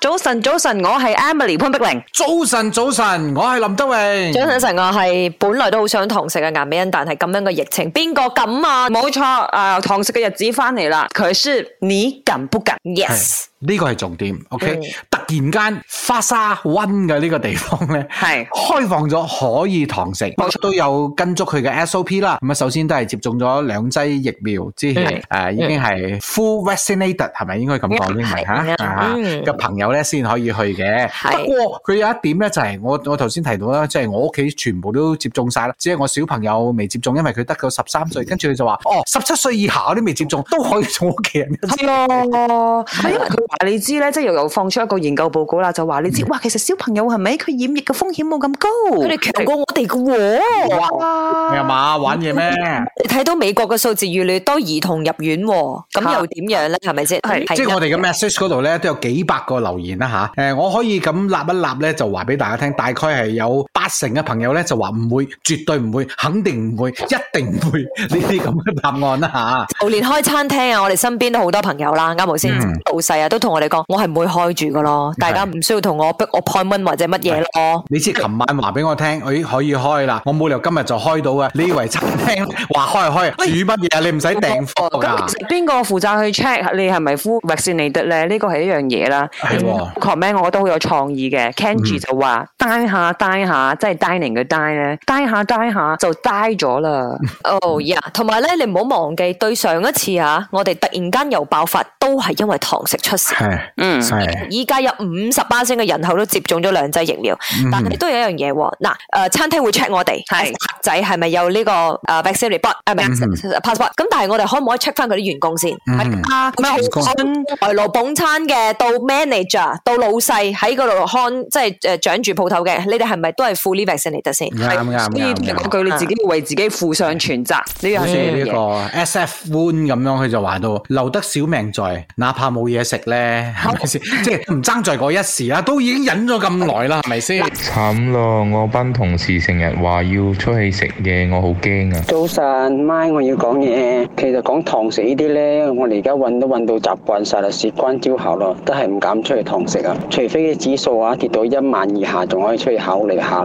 早晨，早晨，我係 Emily 潘碧玲。早晨，早晨，我係林德榮。早晨，早晨，我係本來都好想堂食嘅顏美恩，但係咁樣嘅疫情，邊個敢啊？冇錯，啊，堂食嘅日子翻嚟啦。可是你敢不敢？Yes。呢個係重點，OK？突然間花沙溫嘅呢個地方咧，係開放咗可以堂食，都有跟足佢嘅 SOP 啦。咁啊，首先都係接種咗兩劑疫苗，即係誒，已經係 full vaccinated，係咪應該咁講英文吓？吓，嘅朋友咧先可以去嘅。不過佢有一點咧，就係我我頭先提到啦，即係我屋企全部都接種晒啦，只係我小朋友未接種，因為佢得咗十三歲，跟住佢就話哦，十七歲以下我都未接種，都可以做屋企人一啲咯，係因為佢。你知咧，即係又又放出一個研究報告啦，就話你知，哇，其實小朋友係咪佢染疫嘅風險冇咁高？佢哋強過我哋㗎喎，你係嘛玩嘢咩？你睇到美國嘅數字越嚟越多兒童入院，咁又點樣咧？係咪先？即係我哋嘅 message 嗰度咧都有幾百個留言啦，吓，誒，我可以咁立一立咧，就話俾大家聽，大概係有。成嘅朋友咧就話唔會，絕對唔會，肯定唔會，一定唔會呢啲咁嘅答案啦、啊、吓、嗯。就連開餐廳啊，我哋身邊都好多朋友啦，啱冇先老細啊，都同我哋講，我係唔會開住噶咯。大家唔需要同我逼我開 min 或者乜嘢咯。你知琴晚話俾我聽，可 可以開啦，我冇理由今日就開到啊。你以為餐廳話開就開,開，煮乜嘢你唔使訂貨噶。邊個負責去 check 你係咪 full vaccinated 咧？呢、這個係一樣嘢啦。係、嗯、comment，我覺得好有創意嘅。Kenji 就話 down 下 down 下。即係 dining 嘅 die 咧 die 下 die 下，下就 die 咗啦。哦呀，同埋咧，你唔好忘記，對上一次嚇、啊，我哋突然間又爆發，都係因為堂食出事。係，嗯係。依家有五十巴仙嘅人口都接種咗兩劑疫苗，嗯、但係都有一樣嘢喎。嗱、啊，誒、呃、餐廳會 check 我哋係客仔係咪有呢、呢個誒、uh, vaccine report 係、嗯 uh, passport 咁、嗯、但係我哋可唔可以 check 翻佢啲員工先？係、嗯、啊，唔係好講。從攞捧餐嘅到 manager，到老細喺嗰度看，即係誒掌住鋪頭嘅，你哋係咪都係？活在呢度先啱啱啱。所以講句，你自己為自己負上全責，呢樣嘢。即係呢個 S.F. One 咁樣，佢就話到留得小命在，哪怕冇嘢食咧，係咪先？即係唔爭在嗰一時啦，都已經忍咗咁耐啦，係咪先？慘咯！我班同事成日話要出去食嘢，我好驚啊。早晨，麥，我要講嘢。其實講堂食呢啲咧，我哋而家運都運到習慣曬啦，事關朝後咯，都係唔敢出去堂食啊。除非你指數啊跌到一萬以下，仲可以出去考慮下。